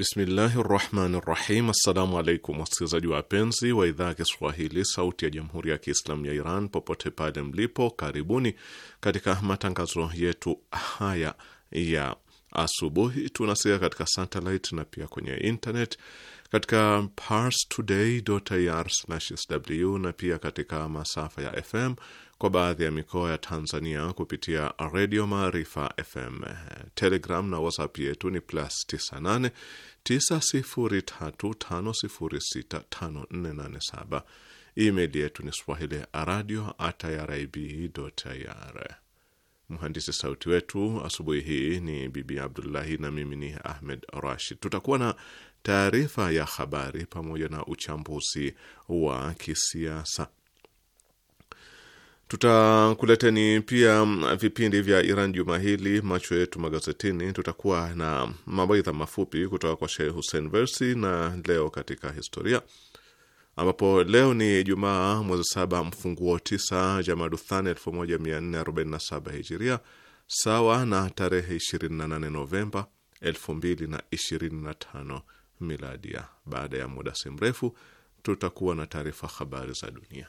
Bismillahi rahmani rahim. Assalamu alaikum wasikilizaji wapenzi wa idhaa ya Kiswahili sauti ya jamhuri ya Kiislamu ya Iran popote pale mlipo, karibuni katika matangazo yetu haya ya asubuhi. Tunasikia katika satellite na pia kwenye internet katika parstoday.ir/sw na pia katika masafa ya FM kwa baadhi ya mikoa ya Tanzania kupitia Redio Maarifa FM. Telegram na WhatsApp yetu ni plus 98 9035065487. Email yetu ni swahili radio at irib ir. Mhandisi sauti wetu asubuhi hii ni Bibi Abdullahi na mimi ni Ahmed Rashid. Tutakuwa na taarifa ya habari pamoja na uchambuzi wa kisiasa. Tutakuleteni pia mm, vipindi vya Iran juma hili, macho yetu magazetini. Tutakuwa na mawaidha mafupi kutoka kwa Sheikh Hussein Versi na leo katika historia, ambapo leo ni Jumaa mwezi saba mfunguo tisa Jamaduthani 1447 Hijiria, sawa na tarehe 28 Novemba 2025 Miladia. Baada ya muda si mrefu tutakuwa na taarifa habari za dunia.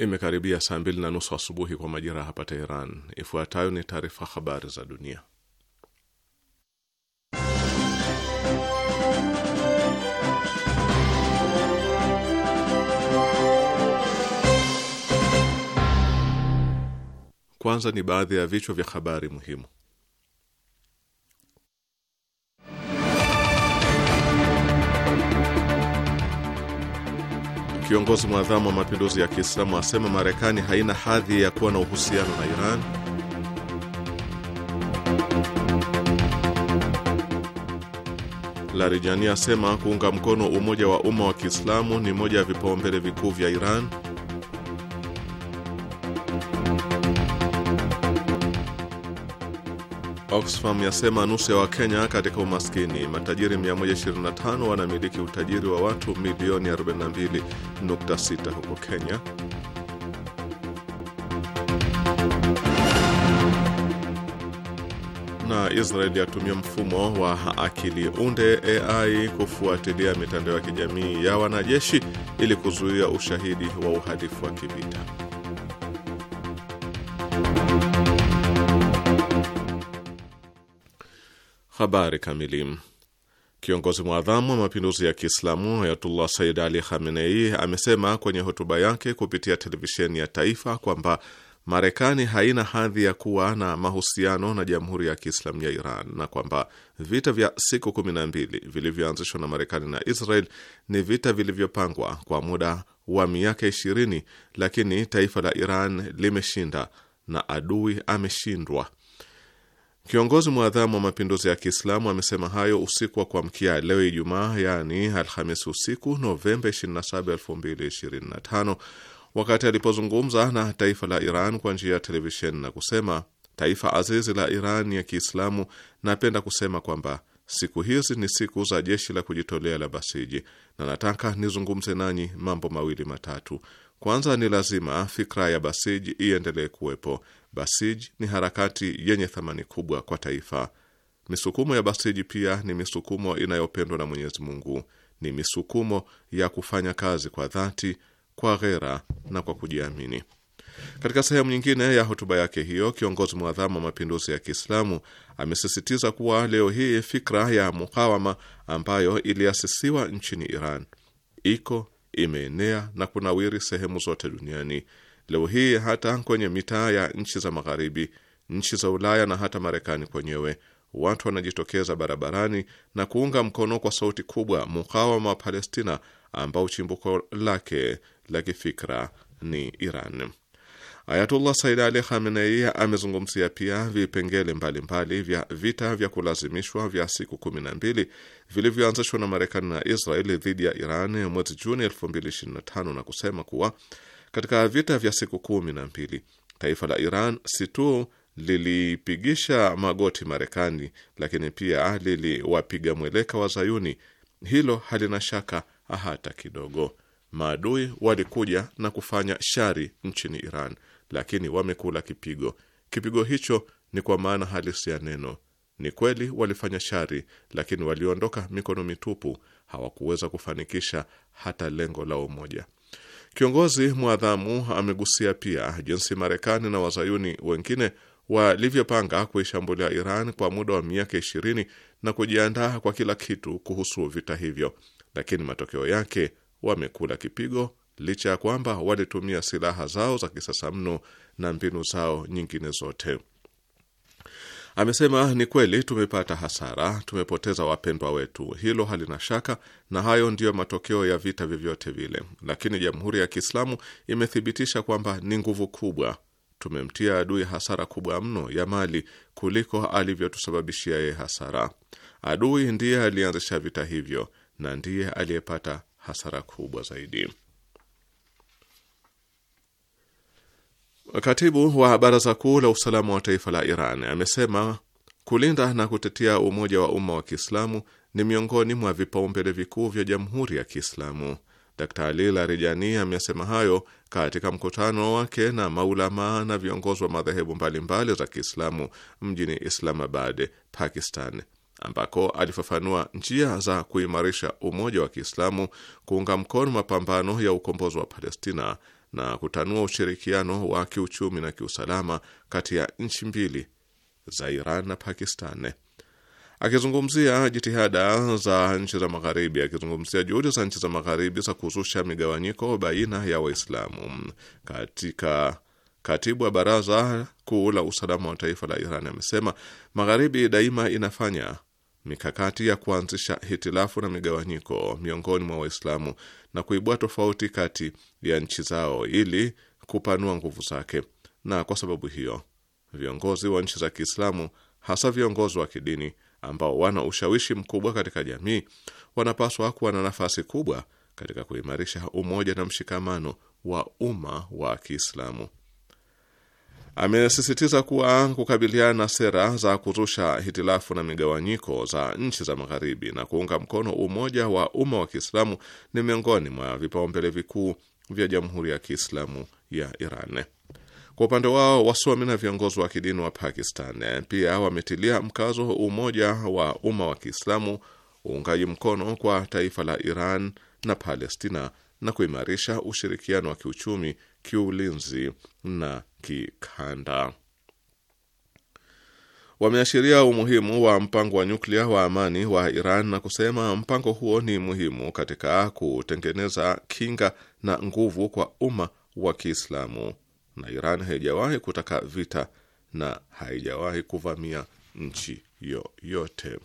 Imekaribia saa mbili na nusu asubuhi kwa majira hapa Teheran. Ifuatayo ni taarifa habari za dunia. Kwanza ni baadhi ya vichwa vya habari muhimu. Kiongozi mwadhamu wa mapinduzi ya Kiislamu asema Marekani haina hadhi ya kuwa na uhusiano na Iran. Larijani asema kuunga mkono umoja wa umma wa Kiislamu ni moja ya vipaumbele vikuu vya Iran. Oxfam yasema nusu ya Wakenya katika umaskini. Matajiri 125 wanamiliki utajiri wa watu milioni 42.6 huko Kenya. Na Israeli yatumia mfumo wa akili unde AI kufuatilia mitandao ya kijamii ya wanajeshi ili kuzuia ushahidi wa uhalifu wa kivita. Habari kamili. Kiongozi mwadhamu wa mapinduzi ya Kiislamu Ayatullah Said Ali Khamenei amesema kwenye hotuba yake kupitia televisheni ya taifa kwamba Marekani haina hadhi ya kuwa na mahusiano na Jamhuri ya Kiislamu ya Iran na kwamba vita vya siku kumi na mbili vilivyoanzishwa na Marekani na Israel ni vita vilivyopangwa kwa muda wa miaka ishirini, lakini taifa la Iran limeshinda na adui ameshindwa. Kiongozi mwadhamu wa mapinduzi ya Kiislamu amesema hayo usiku wa kuamkia leo Ijumaa, yaani Alhamisi usiku Novemba 27, 2025 wakati alipozungumza na taifa la Iran kwa njia ya televisheni na kusema, taifa azizi la Iran ya Kiislamu, napenda kusema kwamba siku hizi ni siku za jeshi la kujitolea la Basiji, na nataka nizungumze nanyi mambo mawili matatu. Kwanza, ni lazima fikra ya Basiji iendelee kuwepo Basij ni harakati yenye thamani kubwa kwa taifa. Misukumo ya Basij pia ni misukumo inayopendwa na Mwenyezi Mungu, ni misukumo ya kufanya kazi kwa dhati, kwa ghera na kwa kujiamini. Katika sehemu nyingine ya hotuba yake hiyo, kiongozi mwadhamu wa mapinduzi ya Kiislamu amesisitiza kuwa leo hii fikra ya mukawama ambayo iliasisiwa nchini Iran iko imeenea na kunawiri sehemu zote duniani Leo hii hata kwenye mitaa ya nchi za magharibi, nchi za Ulaya na hata Marekani kwenyewe watu wanajitokeza barabarani na kuunga mkono kwa sauti kubwa mukawama wa Palestina ambao chimbuko lake la kifikra ni Iran. Ayatullah Said Ali Khamenei amezungumzia pia vipengele mbalimbali vya vita vya kulazimishwa vya siku kumi na mbili vilivyoanzishwa na Marekani na Israeli dhidi ya Iran mwezi Juni 2025 na kusema kuwa katika vita vya siku kumi na mbili, taifa la Iran si tu magoti Marekani, lakini pia liliwapiga mweleka wa Zayuni. Hilo halina shaka hata kidogo. Maadui walikuja na kufanya shari nchini Iran, lakini wamekula kipigo. Kipigo hicho ni kwa maana halisi ya neno. Ni kweli walifanya shari, lakini waliondoka mikono mitupu. Hawakuweza kufanikisha hata lengo lao moja. Kiongozi mwadhamu amegusia pia jinsi Marekani na wazayuni wengine walivyopanga kuishambulia Iran kwa muda wa miaka ishirini na kujiandaa kwa kila kitu kuhusu vita hivyo, lakini matokeo yake wamekula kipigo, licha ya kwamba walitumia silaha zao za kisasa mno na mbinu zao nyingine zote. Amesema ni kweli tumepata hasara, tumepoteza wapendwa wetu, hilo halina shaka, na hayo ndiyo matokeo ya vita vyovyote vile, lakini Jamhuri ya Kiislamu imethibitisha kwamba ni nguvu kubwa. Tumemtia adui hasara kubwa mno ya mali kuliko alivyotusababishia yeye hasara. Adui ndiye alianzisha vita hivyo na ndiye aliyepata hasara kubwa zaidi. Katibu wa Baraza Kuu la Usalama wa Taifa la Iran amesema kulinda na kutetea umoja wa umma wa Kiislamu ni miongoni mwa vipaumbele vikuu vya Jamhuri ya Kiislamu. Dr Ali Larijani amesema hayo katika mkutano wake na maulamaa na viongozi wa madhehebu mbalimbali za Kiislamu mjini Islamabad, Pakistan, ambako alifafanua njia za kuimarisha umoja wa Kiislamu, kuunga mkono mapambano ya ukombozi wa Palestina na kutanua ushirikiano wa kiuchumi na kiusalama kati ya nchi mbili za Iran na Pakistan. Akizungumzia jitihada za nchi za Magharibi, akizungumzia juhudi za nchi za Magharibi za kuzusha migawanyiko baina ya Waislamu, katika katibu wa Baraza Kuu la Usalama wa Taifa la Iran amesema Magharibi daima inafanya mikakati ya kuanzisha hitilafu na migawanyiko miongoni mwa Waislamu na kuibua tofauti kati ya nchi zao ili kupanua nguvu zake. Na kwa sababu hiyo, viongozi wa nchi za Kiislamu, hasa viongozi wa kidini ambao wana ushawishi mkubwa katika jamii, wanapaswa kuwa na nafasi kubwa katika kuimarisha umoja na mshikamano wa umma wa Kiislamu. Amesisitiza kuwa kukabiliana na sera za kuzusha hitilafu na migawanyiko za nchi za Magharibi na kuunga mkono umoja wa umma wa Kiislamu ni miongoni mwa vipaumbele vikuu vya Jamhuri ya Kiislamu ya Iran. Kwa upande wao wasomi na viongozi wa kidini wa Pakistan pia wametilia mkazo umoja wa umma wa Kiislamu, uungaji mkono kwa taifa la Iran na Palestina na kuimarisha ushirikiano wa kiuchumi, kiulinzi na kikanda. Wameashiria umuhimu wa mpango wa nyuklia wa amani wa Iran na kusema mpango huo ni muhimu katika kutengeneza kinga na nguvu kwa umma wa Kiislamu, na Iran haijawahi kutaka vita na haijawahi kuvamia nchi yoyote.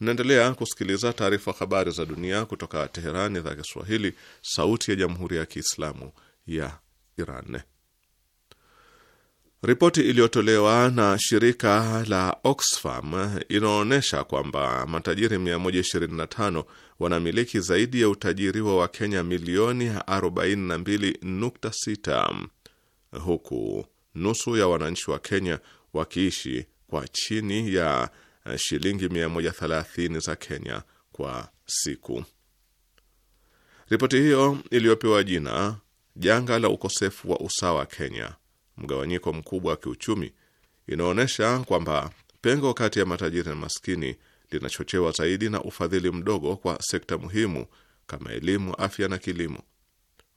Mnaendelea kusikiliza taarifa habari za dunia kutoka Teherani, idhaa ya Kiswahili, sauti ya jamhuri ya Kiislamu ya Iran. Ripoti iliyotolewa na shirika la Oxfam inaonyesha kwamba matajiri 125 wanamiliki zaidi ya utajiri wa Wakenya milioni 42.6 huku nusu ya wananchi wa Kenya wakiishi kwa chini ya shilingi 130 za Kenya kwa siku. Ripoti hiyo iliyopewa jina janga la ukosefu wa usawa Kenya, mgawanyiko mkubwa wa kiuchumi, inaonyesha kwamba pengo kati ya matajiri na maskini linachochewa zaidi na ufadhili mdogo kwa sekta muhimu kama elimu, afya na kilimo.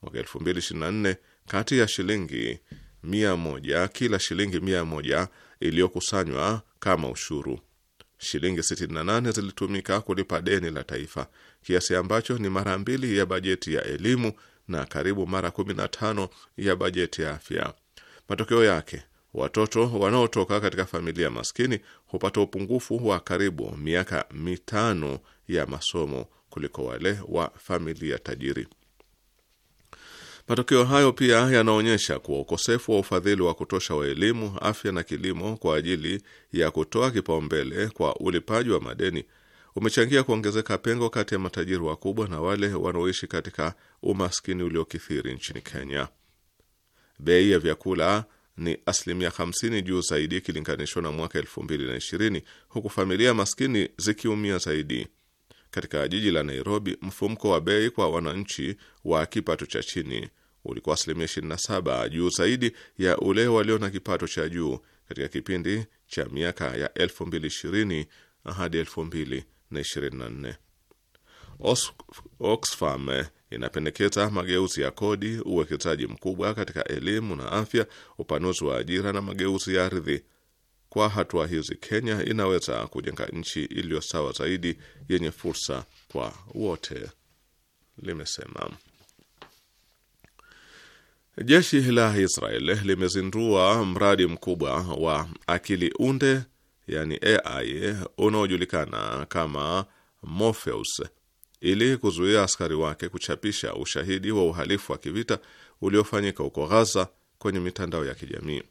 Mwaka kati ya shilingi mia moja, kila shilingi mia moja iliyokusanywa kama ushuru, shilingi 68 zilitumika kulipa deni la taifa, kiasi ambacho ni mara mbili ya bajeti ya elimu na karibu mara 15 ya bajeti ya afya. Matokeo yake watoto wanaotoka katika familia maskini hupata upungufu wa karibu miaka mitano ya masomo kuliko wale wa familia tajiri. Matokeo hayo pia yanaonyesha kuwa ukosefu wa ufadhili wa kutosha wa elimu, afya na kilimo kwa ajili ya kutoa kipaumbele kwa ulipaji wa madeni umechangia kuongezeka pengo kati ya matajiri wakubwa na wale wanaoishi katika umaskini uliokithiri nchini Kenya. Bei ya vyakula ni asilimia 50 juu zaidi ikilinganishwa na mwaka 2020 huku familia maskini zikiumia zaidi. Katika jiji la Nairobi, mfumko wa bei kwa wananchi wa kipato cha chini ulikuwa asilimia 27 juu zaidi ya ule walio na kipato cha juu katika kipindi cha miaka ya 2020 hadi 2020 na 24. Oxfam eh, inapendekeza mageuzi ya kodi, uwekezaji mkubwa katika elimu na afya, upanuzi wa ajira na mageuzi ya ardhi. Kwa hatua hizi, Kenya inaweza kujenga nchi iliyo sawa zaidi, yenye fursa kwa wote, limesema. Jeshi la Israel limezindua mradi mkubwa wa akili unde yani AI unaojulikana kama Morpheus ili kuzuia askari wake kuchapisha ushahidi wa uhalifu wa kivita uliofanyika huko Gaza kwenye mitandao ya kijamii.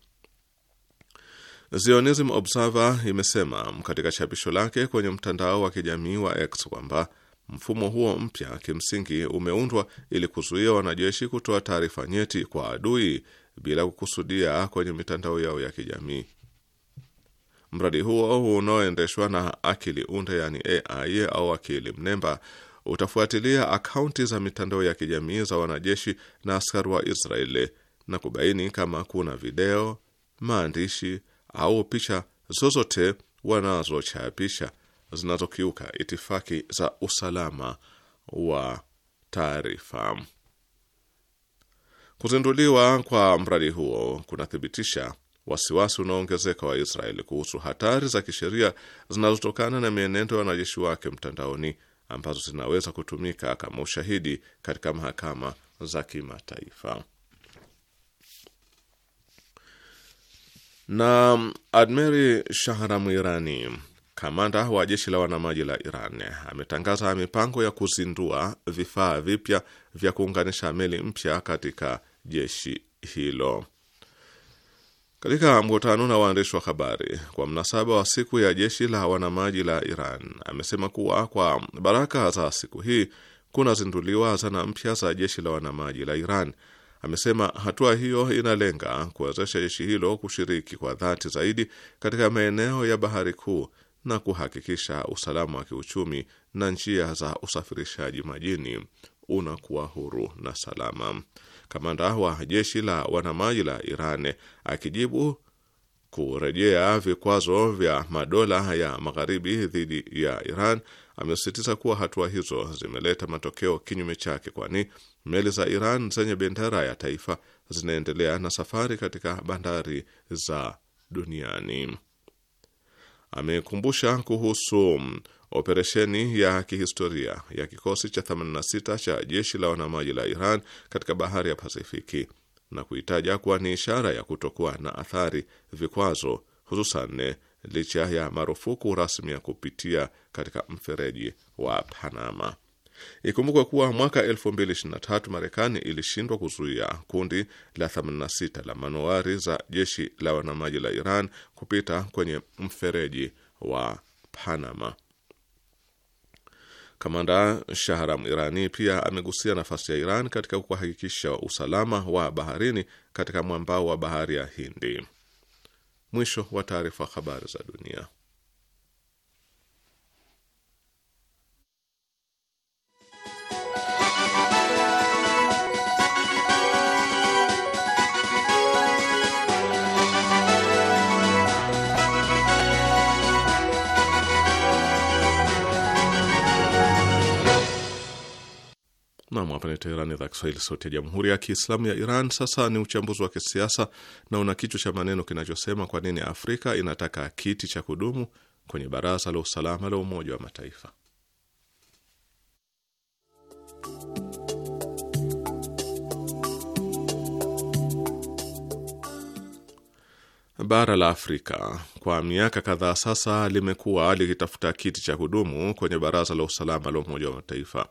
Zionism Observer imesema katika chapisho lake kwenye mtandao wa kijamii wa X kwamba mfumo huo mpya kimsingi umeundwa ili kuzuia wanajeshi kutoa taarifa nyeti kwa adui bila kukusudia kwenye mitandao yao ya kijamii. Mradi huo unaoendeshwa na akili unde, yani AI au akili mnemba, utafuatilia akaunti za mitandao ya kijamii za wanajeshi na askari wa Israeli na kubaini kama kuna video, maandishi au picha zozote wanazochapisha zinazokiuka itifaki za usalama wa taarifa. Kuzinduliwa kwa mradi huo kunathibitisha wasiwasi unaoongezeka wa Israeli kuhusu hatari za kisheria zinazotokana na mienendo ya wanajeshi wake mtandaoni ambazo zinaweza kutumika kama ushahidi katika mahakama za kimataifa. Na Admeri Shahramirani, kamanda wa jeshi la wanamaji la Iran, ametangaza mipango ya kuzindua vifaa vipya vya kuunganisha meli mpya katika jeshi hilo. Katika mkutano na waandishi wa habari kwa mnasaba wa siku ya jeshi la wanamaji la Iran, amesema kuwa kwa baraka za siku hii kunazinduliwa zana mpya za jeshi la wanamaji la Iran. Amesema hatua hiyo inalenga kuwezesha jeshi hilo kushiriki kwa dhati zaidi katika maeneo ya bahari kuu na kuhakikisha usalama wa kiuchumi na njia za usafirishaji majini unakuwa huru na salama kamanda wa jeshi la wanamaji la Iran akijibu kurejea vikwazo vya madola ya magharibi dhidi ya Iran amesisitiza kuwa hatua hizo zimeleta matokeo kinyume chake, kwani meli za Iran zenye bendera ya taifa zinaendelea na safari katika bandari za duniani. Amekumbusha kuhusu Operesheni ya kihistoria ya kikosi cha 86 cha jeshi la wanamaji la Iran katika bahari ya Pasifiki na kuitaja kuwa ni ishara ya kutokuwa na athari vikwazo, hususan licha ya marufuku rasmi ya kupitia katika mfereji wa Panama. Ikumbukwe kuwa mwaka 2023 Marekani ilishindwa kuzuia kundi la 86 la manowari za jeshi la wanamaji la Iran kupita kwenye mfereji wa Panama. Kamanda Shahram Irani pia amegusia nafasi ya Iran katika kuhakikisha usalama wa baharini katika mwambao wa bahari ya Hindi. Mwisho wa taarifa. Habari za dunia. Nam, hapa ni Teherani, idhaa Kiswahili, sauti ya jamhuri ya kiislamu ya Iran. Sasa ni uchambuzi wa kisiasa na una kichwa cha maneno kinachosema kwa nini Afrika inataka kiti cha kudumu kwenye baraza la usalama la Umoja wa Mataifa. Bara la Afrika kwa miaka kadhaa sasa limekuwa likitafuta kiti cha kudumu kwenye baraza la usalama la Umoja wa Mataifa.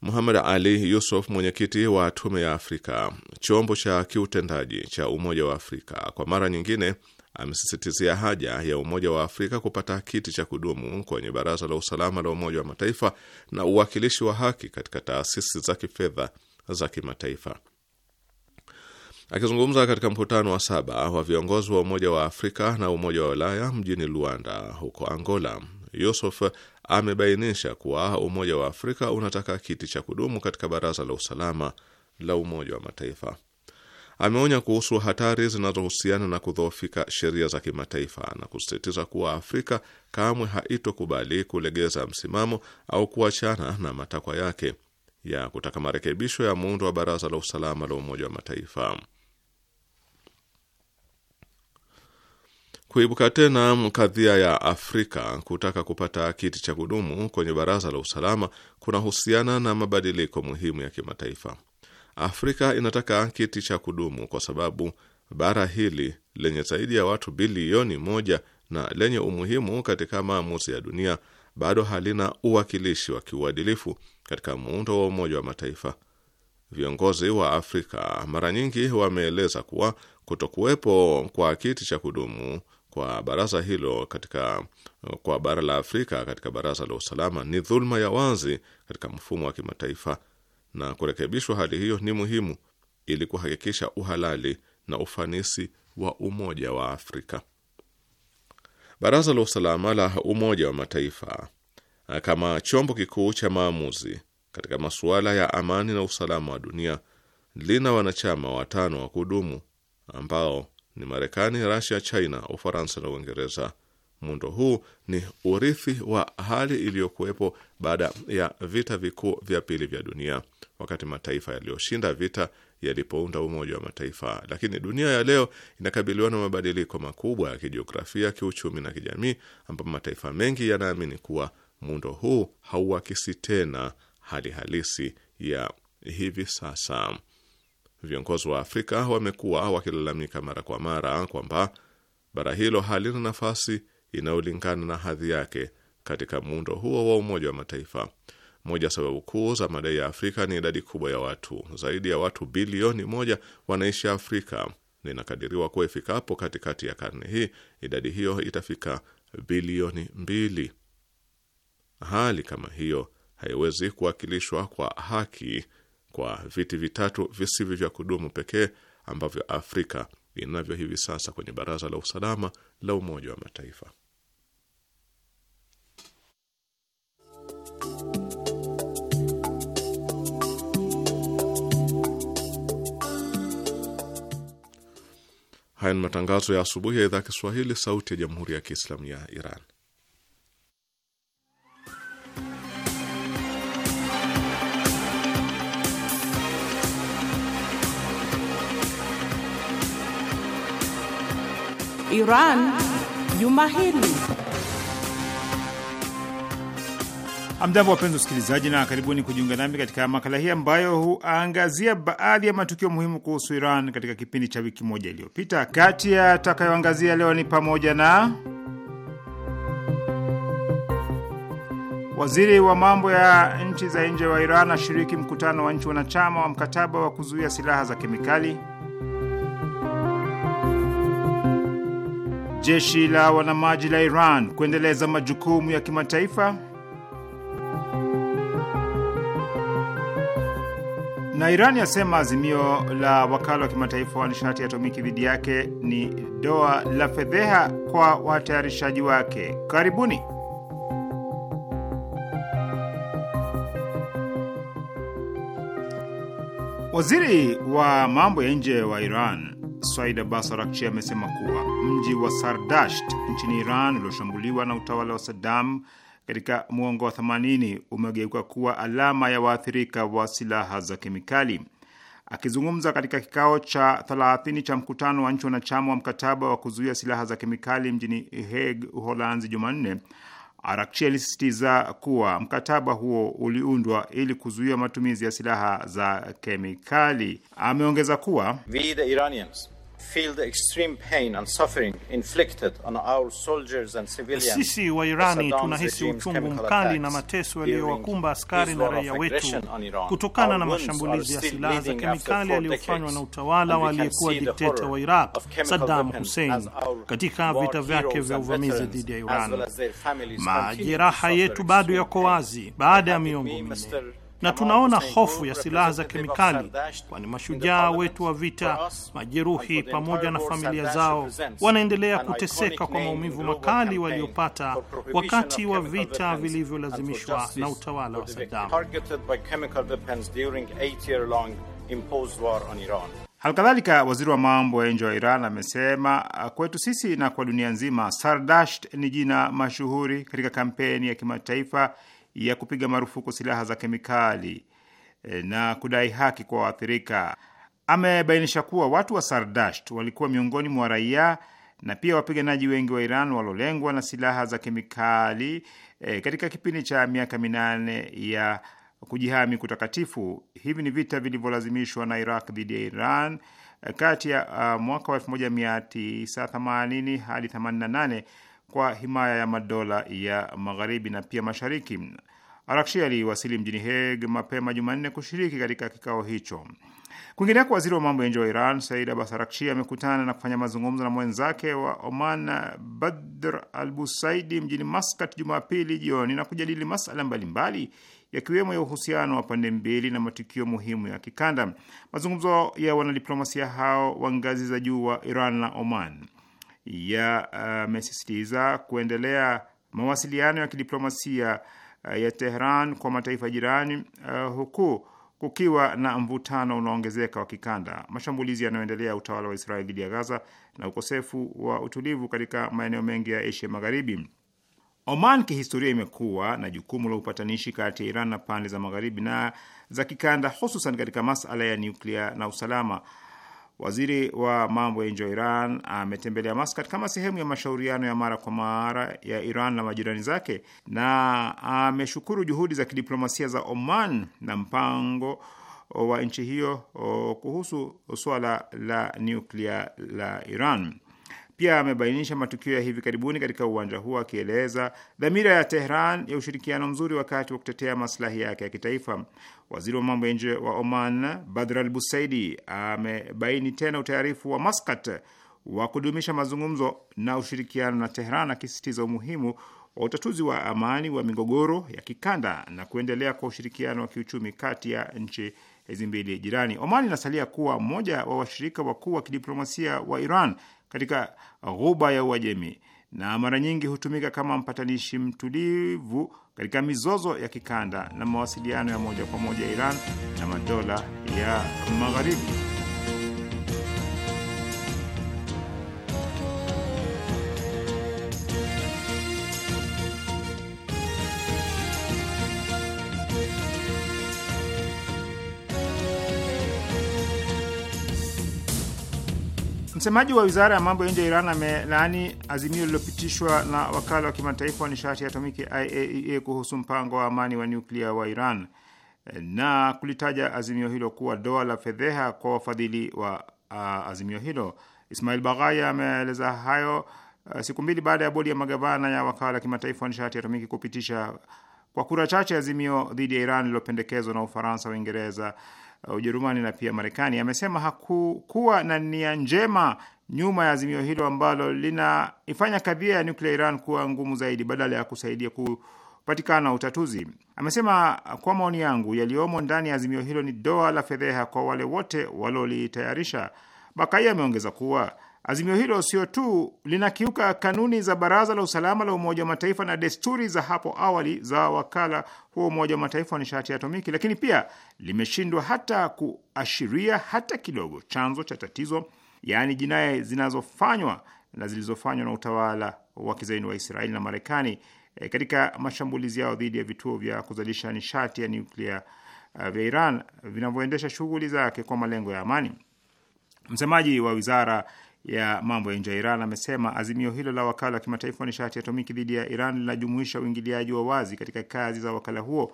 Muhammad Ali Yusuf, mwenyekiti wa Tume ya Afrika, chombo cha kiutendaji cha Umoja wa Afrika, kwa mara nyingine amesisitizia haja ya Umoja wa Afrika kupata kiti cha kudumu kwenye Baraza la Usalama la Umoja wa Mataifa na uwakilishi wa haki katika taasisi za kifedha za kimataifa. Akizungumza katika mkutano wa saba wa viongozi wa Umoja wa Afrika na Umoja wa Ulaya mjini Luanda huko Angola, Yusuf amebainisha kuwa Umoja wa Afrika unataka kiti cha kudumu katika Baraza la Usalama la Umoja wa Mataifa. Ameonya kuhusu hatari zinazohusiana na kudhoofika sheria za kimataifa na kusisitiza kuwa Afrika kamwe haitokubali kulegeza msimamo au kuachana na matakwa yake ya kutaka marekebisho ya muundo wa Baraza la Usalama la Umoja wa Mataifa. Kuibuka tena kadhia ya Afrika kutaka kupata kiti cha kudumu kwenye baraza la usalama kunahusiana na mabadiliko muhimu ya kimataifa. Afrika inataka kiti cha kudumu kwa sababu bara hili lenye zaidi ya watu bilioni moja na lenye umuhimu katika maamuzi ya dunia bado halina uwakilishi wa kiuadilifu katika muundo wa Umoja wa Mataifa. Viongozi wa Afrika mara nyingi wameeleza kuwa kutokuwepo kwa kiti cha kudumu kwa baraza hilo katika kwa bara la Afrika katika baraza la usalama ni dhulma ya wazi katika mfumo wa kimataifa, na kurekebishwa hali hiyo ni muhimu ili kuhakikisha uhalali na ufanisi wa umoja wa Afrika. Baraza la usalama la Umoja wa Mataifa kama chombo kikuu cha maamuzi katika masuala ya amani na usalama wa dunia lina wanachama watano wa kudumu ambao ni Marekani, Rasia, China, Ufaransa na Uingereza. Muundo huu ni urithi wa hali iliyokuwepo baada ya vita vikuu vya pili vya dunia, wakati mataifa yaliyoshinda vita yalipounda Umoja wa Mataifa. Lakini dunia ya leo inakabiliwa na mabadiliko makubwa ya kijiografia, kiuchumi na kijamii, ambapo mataifa mengi yanaamini kuwa muundo huu hauakisi tena hali halisi ya hivi sasa. Viongozi wa Afrika wamekuwa wakilalamika mara kwa mara kwamba bara hilo halina nafasi inayolingana na hadhi yake katika muundo huo wa Umoja wa Mataifa. Moja sababu kuu za madai ya Afrika ni idadi kubwa ya watu. Zaidi ya watu bilioni moja wanaishi Afrika na inakadiriwa kuwa ifikapo katikati ya karne hii idadi hiyo itafika bilioni mbili. Hali kama hiyo haiwezi kuwakilishwa kwa haki kwa viti vitatu visivyo vya kudumu pekee ambavyo Afrika inavyo hivi sasa kwenye Baraza la Usalama la Umoja wa Mataifa. Haya ni matangazo ya asubuhi ya idhaa Kiswahili, Sauti ya Jamhuri ya Kiislamu ya Iran. Iran juma hili. Hamjambo, wapenzi wasikilizaji, na karibuni kujiunga nami katika makala hii ambayo huangazia baadhi ya matukio muhimu kuhusu Iran katika kipindi cha wiki moja iliyopita. Kati ya atakayoangazia leo ni pamoja na waziri wa mambo ya nchi za nje wa Iran ashiriki mkutano wa nchi wanachama wa mkataba wa kuzuia silaha za kemikali jeshi la wanamaji la Iran kuendeleza majukumu ya kimataifa na Iran yasema azimio la wakala wa kimataifa wa nishati ya atomiki dhidi yake ni doa la fedheha kwa watayarishaji wake. Karibuni. Waziri wa mambo ya nje wa Iran Swaida Basarakchi amesema kuwa mji wa Sardasht nchini Iran ulioshambuliwa na utawala wa Saddam katika muongo wa 80 umegeuka kuwa alama ya waathirika wa silaha za kemikali. Akizungumza katika kikao cha 30 cha mkutano wa nchi wanachama wa mkataba wa kuzuia silaha za kemikali mjini Hague, Uholanzi, Jumanne, Arakchi alisisitiza kuwa mkataba huo uliundwa ili kuzuia matumizi ya silaha za kemikali. Ameongeza kuwa We the Iranians feel the extreme pain and suffering inflicted on our soldiers and civilians. Sisi wa Irani tunahisi uchungu mkali na mateso yaliyowakumba askari na raia wetu kutokana na mashambulizi ya silaha za kemikali yaliyofanywa na utawala wa aliyekuwa dikteta wa Iraq Saddam Hussein katika vita vyake vya uvamizi dhidi ya Iran. Majeraha yetu bado yako wazi baada ya miongo minne na tunaona hofu ya silaha za kemikali, kwani mashujaa wetu wa vita, majeruhi pamoja na familia zao wanaendelea kuteseka kwa maumivu makali waliopata wakati wa vita vilivyolazimishwa na utawala wa Saddam. Halikadhalika, waziri wa mambo ya nje wa Iran amesema ah, kwetu sisi na kwa dunia nzima, Sardasht ni jina mashuhuri katika kampeni ya kimataifa ya kupiga marufuku silaha za kemikali e, na kudai haki kwa waathirika. Amebainisha kuwa watu wa Sardasht walikuwa miongoni mwa raia na pia wapiganaji wengi wa Iran walolengwa na silaha za kemikali e, katika kipindi cha miaka minane ya kujihami kutakatifu. Hivi ni vita vilivyolazimishwa na Iraq dhidi ya Iran e, kati ya uh, mwaka wa 1980 hadi 88 kwa himaya ya madola ya magharibi na pia mashariki. Arakshi aliwasili mjini Hague mapema Jumanne kushiriki katika kikao hicho. Kwingineko, waziri wa mambo ya nje wa Iran Said Abbas Arakshi amekutana na kufanya mazungumzo na mwenzake wa Oman Badr Al Busaidi mjini Maskat Jumapili jioni na kujadili masala mbalimbali yakiwemo ya uhusiano wa pande mbili na matukio muhimu ya kikanda. Mazungumzo ya wanadiplomasia hao wa ngazi za juu wa Iran na Oman yamesisitiza eh, uh, kuendelea mawasiliano ya kidiplomasia uh, ya Tehran kwa mataifa jirani uh, huku kukiwa na mvutano unaongezeka wa kikanda. Mashambulizi yanayoendelea utawala wa Israeli dhidi ya Gaza na ukosefu wa utulivu katika maeneo mengi ya Asia Magharibi. Oman kihistoria imekuwa na jukumu la upatanishi kati ya Iran na pande za magharibi na za kikanda, hususan katika masala ya nyuklia na usalama. Waziri wa mambo ya nje wa Iran ametembelea Maskat kama sehemu ya mashauriano ya mara kwa mara ya Iran na majirani zake, na ameshukuru juhudi za kidiplomasia za Oman na mpango wa nchi hiyo oh, kuhusu suala la nyuklia la Iran. Pia amebainisha matukio ya hivi karibuni katika uwanja huo, akieleza dhamira ya Tehran ya ushirikiano mzuri wakati wa kutetea maslahi yake ya kitaifa. Waziri wa mambo ya nje wa Oman, Badr Al Busaidi, amebaini tena utayarifu wa Maskat wa kudumisha mazungumzo na ushirikiano na Tehran, akisisitiza umuhimu wa utatuzi wa amani wa migogoro ya kikanda na kuendelea kwa ushirikiano wa kiuchumi kati ya nchi hizi mbili jirani. Oman inasalia kuwa mmoja wa washirika wakuu wa kidiplomasia wa Iran katika ghuba ya Uajemi na mara nyingi hutumika kama mpatanishi mtulivu katika mizozo ya kikanda na mawasiliano ya moja kwa moja Iran na madola ya Magharibi. Msemaji wa wizara ya mambo ya nje ya Iran amelaani azimio lililopitishwa na wakala wa kimataifa wa nishati ya atomiki IAEA e kuhusu mpango wa amani wa nyuklia wa Iran na kulitaja azimio hilo kuwa doa la fedheha kwa wafadhili wa azimio hilo. Ismail Baghai ameeleza hayo siku mbili baada ya bodi ya magavana ya wakala wa kimataifa wa nishati ya atomiki kupitisha kwa kura chache azimio dhidi ya Iran lililopendekezwa na Ufaransa, Uingereza Uh, Ujerumani na pia Marekani, amesema hakukuwa na nia njema nyuma ya azimio hilo ambalo linaifanya kadhia ya nuklia Iran kuwa ngumu zaidi badala ya kusaidia kupatikana utatuzi. Amesema, kwa maoni yangu, yaliyomo ndani ya azimio hilo ni doa la fedheha kwa wale wote waliolitayarisha Bakai ameongeza kuwa Azimio hilo sio tu linakiuka kanuni za Baraza la Usalama la Umoja wa Mataifa na desturi za hapo awali za wakala huo Umoja wa Mataifa wa nishati ya atomiki, lakini pia limeshindwa hata kuashiria hata kidogo chanzo cha tatizo, yaani jinai zinazofanywa na zilizofanywa na utawala wa kizaini wa Israeli na Marekani e, katika mashambulizi yao dhidi ya vituo vya kuzalisha nishati ya nyuklia uh, vya Iran vinavyoendesha shughuli zake kwa malengo ya amani. Msemaji wa wizara ya mambo ya nje ya Iran amesema azimio hilo la wakala wa kimataifa wa nishati atomiki dhidi ya Iran linajumuisha uingiliaji wa wazi katika kazi za wakala huo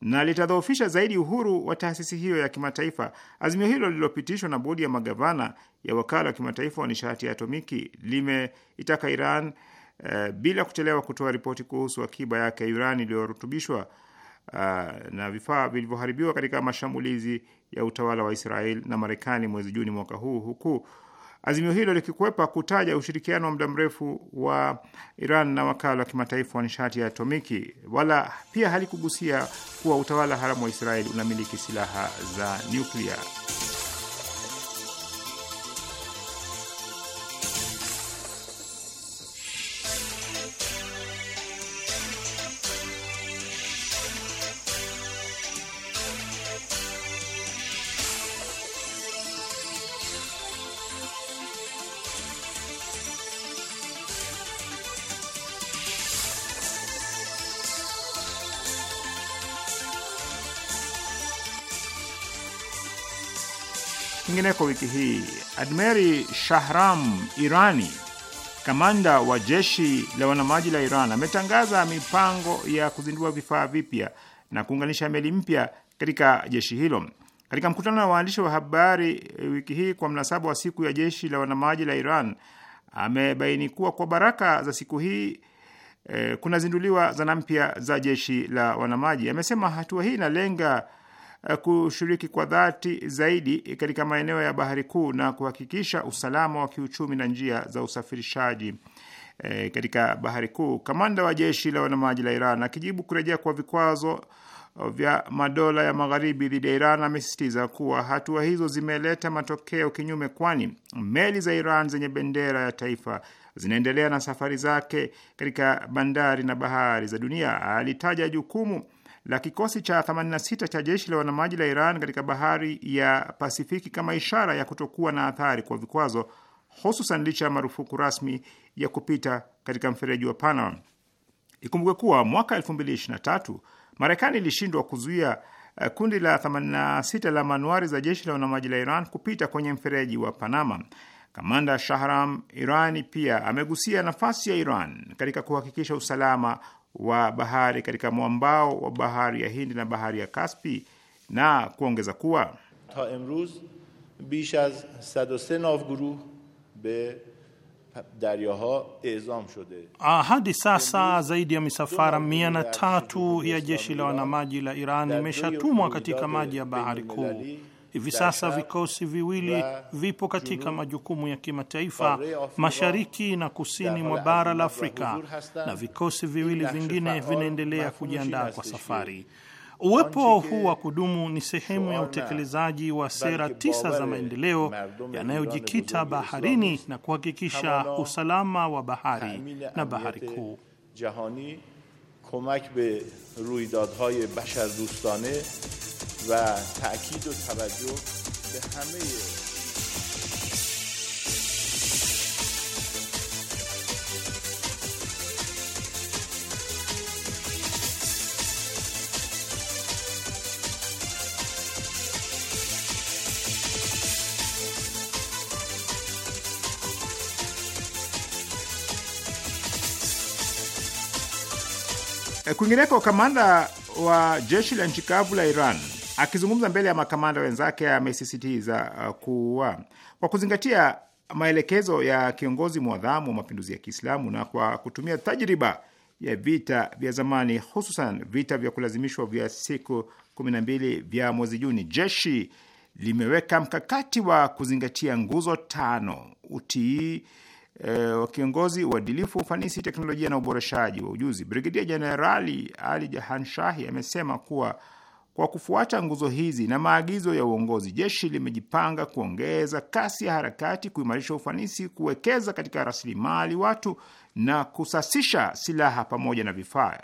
na litadhoofisha zaidi uhuru wa taasisi hiyo ya kimataifa. Azimio hilo lililopitishwa na bodi ya magavana ya wakala wa kimataifa wa nishati ya atomiki limeitaka Iran eh, bila kuchelewa kutoa ripoti kuhusu akiba yake ya urani iliyorutubishwa uh, na vifaa vilivyoharibiwa katika mashambulizi ya utawala wa Israel na Marekani mwezi Juni mwaka huu huku Azimio hilo likikwepa kutaja ushirikiano wa muda mrefu wa Iran na wakala wa kimataifa wa nishati ya atomiki, wala pia halikugusia kuwa utawala haramu wa Israeli unamiliki silaha za nyuklia. kwa wiki hii, Admeri Shahram Irani, kamanda wa jeshi la wanamaji la Iran, ametangaza mipango ya kuzindua vifaa vipya na kuunganisha meli mpya katika jeshi hilo. Katika mkutano na waandishi wa habari eh, wiki hii kwa mnasaba wa siku ya jeshi la wanamaji la Iran, amebaini kuwa kwa baraka za siku hii kuna eh, kunazinduliwa zana mpya za jeshi la wanamaji. Amesema hatua hii inalenga Eh, kushiriki kwa dhati zaidi katika maeneo ya bahari kuu na kuhakikisha usalama wa kiuchumi na njia za usafirishaji e, katika bahari kuu. Kamanda wa jeshi la wanamaji la Iran akijibu kurejea kwa vikwazo vya madola ya magharibi dhidi ya Iran amesisitiza kuwa hatua hizo zimeleta matokeo kinyume, kwani meli za Iran zenye bendera ya taifa zinaendelea na safari zake katika bandari na bahari za dunia. Alitaja jukumu la kikosi cha 86 cha jeshi la wanamaji la Iran katika bahari ya Pasifiki kama ishara ya kutokuwa na athari kwa vikwazo, hususan licha ya marufuku rasmi ya kupita katika mfereji wa Panama. Ikumbukwe kuwa mwaka 2023 Marekani ilishindwa kuzuia eh, kundi la 86 la manuari za jeshi la wanamaji la Iran kupita kwenye mfereji wa Panama. Kamanda Shahram Irani pia amegusia nafasi ya Iran katika kuhakikisha usalama wa bahari katika mwambao wa bahari ya Hindi na bahari ya Kaspi na kuongeza kuwa ta emruz bish az 103 be ah, hadi sasa zaidi ya misafara mia na tatu ya jeshi la wanamaji la Iran imeshatumwa katika maji ya bahari kuu Hivi sasa vikosi viwili vipo katika majukumu ya kimataifa mashariki na kusini mwa bara la Afrika, na vikosi viwili vingine vinaendelea kujiandaa kwa safari. Uwepo huu wa kudumu ni sehemu ya utekelezaji wa sera tisa za maendeleo yanayojikita baharini na kuhakikisha usalama wa bahari na bahari kuu. کمک به رویدادهای بشردوستانه و تأکید و توجه به همه Eh, kwingineko, kamanda wa jeshi la nchi kavu la Iran akizungumza mbele ya makamanda wenzake amesisitiza uh, kuwa kwa kuzingatia maelekezo ya kiongozi mwadhamu wa mapinduzi ya Kiislamu na kwa kutumia tajriba ya vita vya zamani, hususan vita vya kulazimishwa vya siku kumi na mbili vya mwezi Juni, jeshi limeweka mkakati wa kuzingatia nguzo tano: utii e, wa kiongozi, uadilifu, ufanisi, teknolojia na uboreshaji wa ujuzi. Brigedia Jenerali Ali Jahanshahi amesema kuwa kwa kufuata nguzo hizi na maagizo ya uongozi, jeshi limejipanga kuongeza kasi ya harakati, kuimarisha ufanisi, kuwekeza katika rasilimali watu na kusasisha silaha pamoja na vifaa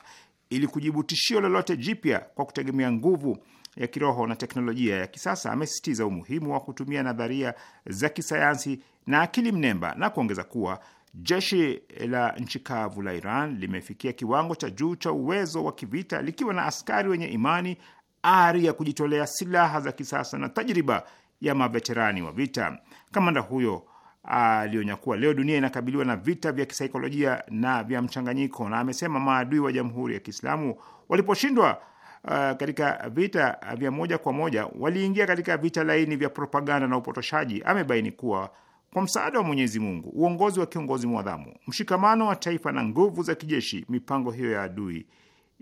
ili kujibu tishio lolote jipya kwa kutegemea nguvu ya kiroho na teknolojia ya kisasa. Amesisitiza umuhimu wa kutumia nadharia za kisayansi na akili mnemba na kuongeza kuwa jeshi la nchi kavu la Iran limefikia kiwango cha juu cha uwezo wa kivita likiwa na askari wenye imani, ari ya kujitolea, silaha za kisasa na tajriba ya maveterani wa vita. Kamanda huyo alionya kuwa leo dunia inakabiliwa na vita vya kisaikolojia na vya mchanganyiko, na amesema maadui wa Jamhuri ya Kiislamu waliposhindwa uh, katika vita vya moja kwa moja waliingia katika vita laini vya propaganda na upotoshaji. Amebaini kuwa kwa msaada wa Mwenyezi Mungu, uongozi wa kiongozi mwadhamu, mshikamano wa taifa na nguvu za kijeshi, mipango hiyo ya adui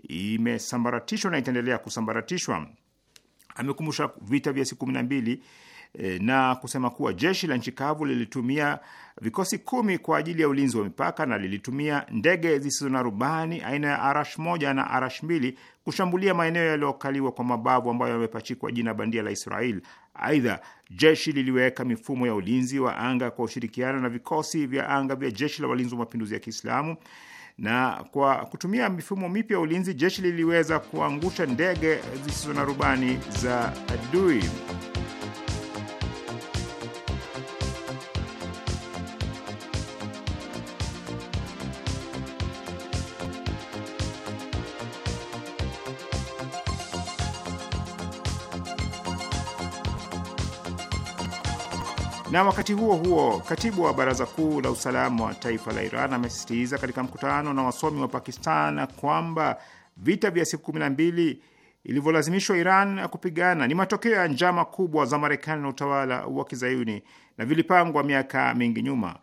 imesambaratishwa na itaendelea kusambaratishwa. Amekumbusha vita vya siku kumi na mbili E, na kusema kuwa jeshi la nchi kavu lilitumia vikosi kumi kwa ajili ya ulinzi wa mipaka na lilitumia ndege zisizo na rubani aina ya Arash moja na Arash mbili kushambulia maeneo yaliyokaliwa kwa mabavu ambayo yamepachikwa jina bandia la Israel. Aidha, jeshi liliweka mifumo ya ulinzi wa anga kwa ushirikiano na vikosi vya anga vya jeshi la walinzi wa mapinduzi ya Kiislamu na kwa kutumia mifumo mipya ya ulinzi jeshi liliweza kuangusha ndege zisizo na rubani za adui. Na wakati huo huo, katibu wa baraza kuu la usalama wa taifa la Iran amesisitiza katika mkutano na wasomi wa Pakistan kwamba vita vya siku kumi na mbili ilivyolazimishwa Iran kupigana ni matokeo ya njama kubwa za Marekani na utawala wa kizayuni na vilipangwa miaka mingi nyuma.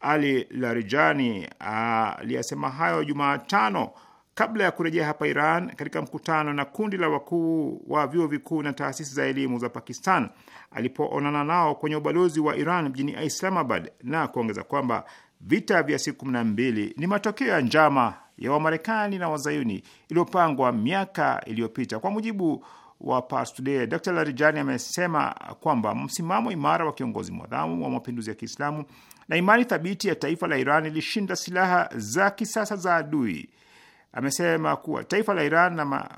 Ali Larijani ah, aliyasema hayo Jumatano kabla ya kurejea hapa Iran katika mkutano na kundi la wakuu wa vyuo vikuu na taasisi za elimu za Pakistan alipoonana nao kwenye ubalozi wa Iran mjini Islamabad, na kuongeza kwamba vita vya siku kumi na mbili ni matokeo ya njama ya Wamarekani na Wazayuni iliyopangwa miaka iliyopita. Kwa mujibu wa Pars Today, Dr Larijani amesema kwamba msimamo imara wa kiongozi mwadhamu wa mapinduzi ya Kiislamu na imani thabiti ya taifa la Iran ilishinda silaha za kisasa za adui amesema kuwa taifa la Iran na, ma,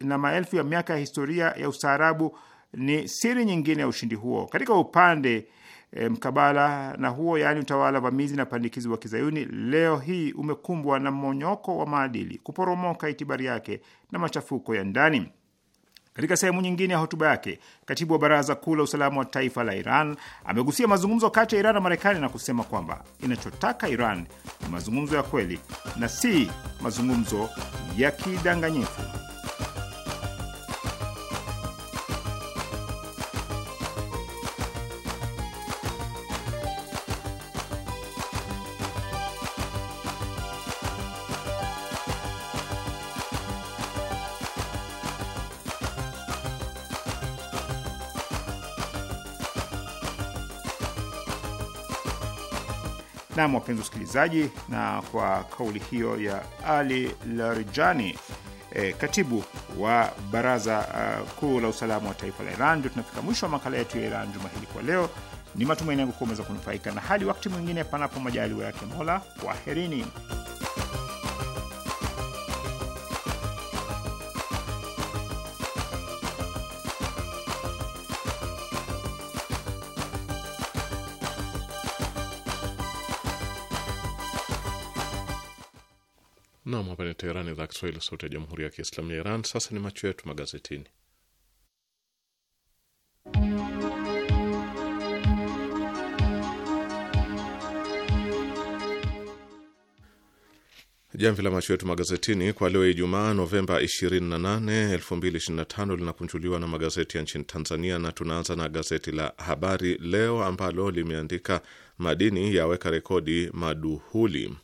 na maelfu ya miaka ya historia ya ustaarabu ni siri nyingine ya ushindi huo katika upande e, mkabala na huo, yaani utawala vamizi na pandikizi wa Kizayuni leo hii umekumbwa na mmonyoko wa maadili, kuporomoka itibari yake na machafuko ya ndani. Katika sehemu nyingine ya hotuba yake, katibu wa baraza kuu la usalama wa taifa la Iran amegusia mazungumzo kati ya Iran na Marekani na kusema kwamba inachotaka Iran ni mazungumzo ya kweli na si mazungumzo ya kidanganyifu. Nam, wapenzi wasikilizaji, na kwa kauli hiyo ya Ali Larijani, e, katibu wa baraza uh, kuu la usalama wa taifa la Iran, ndio tunafika mwisho wa makala yetu ya Iran juma hili kwa leo. Ni matumaini yangu kuwa umeweza kunufaika, na hadi wakati mwingine, panapo majaliwa yake Mola, kwaherini. Naam, hapa ni Teherani, idhaa ya Kiswahili, sauti ya jamhuri ya kiislamu ya Iran. Sasa ni macho yetu magazetini. Jamvi la macho yetu magazetini kwa leo Ijumaa, Novemba 28, 2025 linakunjuliwa na magazeti ya nchini Tanzania, na tunaanza na gazeti la Habari Leo ambalo limeandika madini yaweka rekodi maduhuli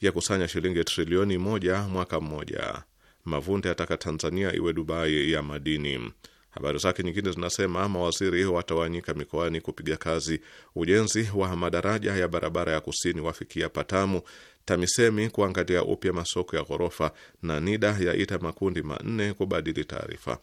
ya kusanya shilingi trilioni moja mwaka mmoja. Mavunde ataka Tanzania iwe Dubai ya madini. Habari zake nyingine zinasema mawaziri watawanyika mikoani kupiga kazi. Ujenzi wa madaraja ya barabara ya kusini wafikia patamu. TAMISEMI kuangalia upya masoko ya ghorofa na NIDA yaita makundi manne kubadili taarifa.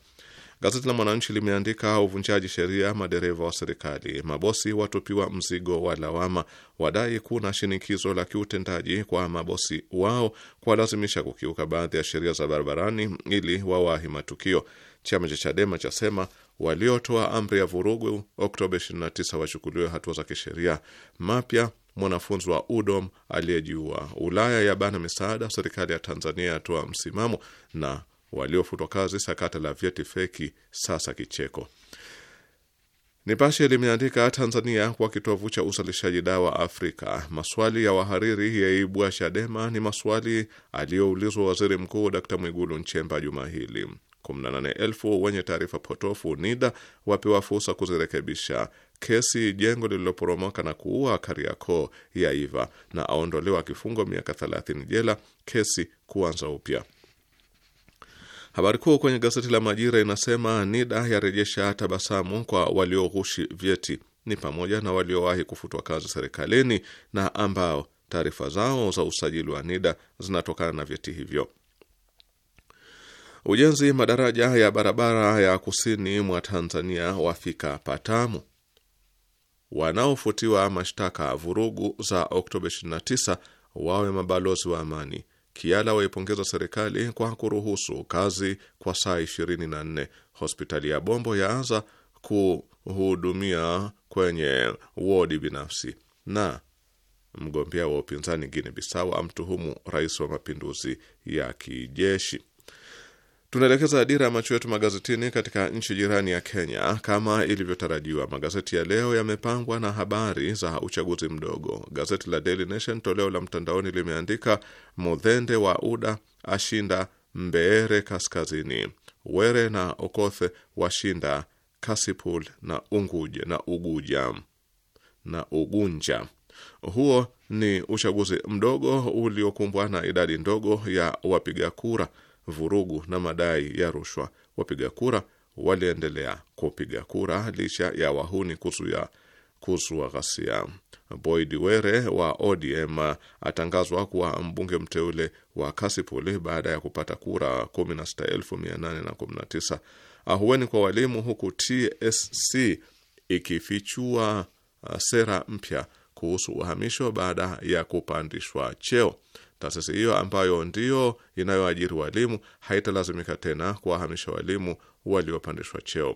Gazeti la Mwananchi limeandika uvunjaji sheria, madereva wa serikali, mabosi watupiwa mzigo wa lawama, wadai kuna shinikizo la kiutendaji kwa mabosi wao kuwalazimisha kukiuka baadhi ya sheria za barabarani ili wawahi matukio. Chama cha Chadema chasema waliotoa amri ya vurugu Oktoba 29 wachukuliwe hatua za kisheria. Mapya mwanafunzi wa UDOM aliyejiua. Ulaya ya bana misaada, serikali ya Tanzania yatoa msimamo na waliofutwa kazi sakata la vyeti feki sasa kicheko. Nipashe limeandika Tanzania kwa kitovu cha uzalishaji dawa Afrika. Maswali ya wahariri yaibua Chadema ni maswali aliyoulizwa Waziri Mkuu d Mwigulu Nchemba juma hili. 18,000 wenye taarifa potofu NIDA wapewa fursa kuzirekebisha. Kesi jengo lililoporomoka na kuua Kariakoo yaiva na aondolewa kifungo miaka 30 jela, kesi kuanza upya. Habari kuu kwenye gazeti la Majira inasema NIDA yarejesha tabasamu kwa walioghushi vyeti, ni pamoja na waliowahi kufutwa kazi serikalini na ambao taarifa zao za usajili wa NIDA zinatokana na vyeti hivyo. Ujenzi madaraja ya barabara ya kusini mwa Tanzania wafika patamu. Wanaofutiwa mashtaka vurugu za Oktoba 29 wawe mabalozi wa amani. Kiala waipongeza serikali kwa kuruhusu kazi kwa saa ishirini na nne Hospitali ya Bombo yaanza kuhudumia kwenye wodi binafsi. Na mgombea wa upinzani Guinea Bissau amtuhumu rais wa mapinduzi ya kijeshi. Tunaelekeza dira ya macho yetu magazetini katika nchi jirani ya Kenya. Kama ilivyotarajiwa, magazeti ya leo yamepangwa na habari za uchaguzi mdogo. Gazeti la Daily Nation toleo la mtandaoni limeandika Mudhende wa UDA ashinda Mbeere Kaskazini, Were na Okoth washinda Kasipul na Unguja na Uguja na Ugunja. Huo ni uchaguzi mdogo uliokumbwa na idadi ndogo ya wapiga kura vurugu na madai ya rushwa. Wapiga kura waliendelea kupiga kura licha ya wahuni kuzuia kuzua ghasia. Boyd Were wa ODM atangazwa kuwa mbunge mteule wa Kasipuli baada ya kupata kura 16819. Ahueni kwa walimu, huku TSC ikifichua uh, sera mpya kuhusu uhamisho baada ya kupandishwa cheo. Taasisi hiyo ambayo ndiyo inayoajiri walimu haitalazimika tena kuwahamisha walimu waliopandishwa cheo.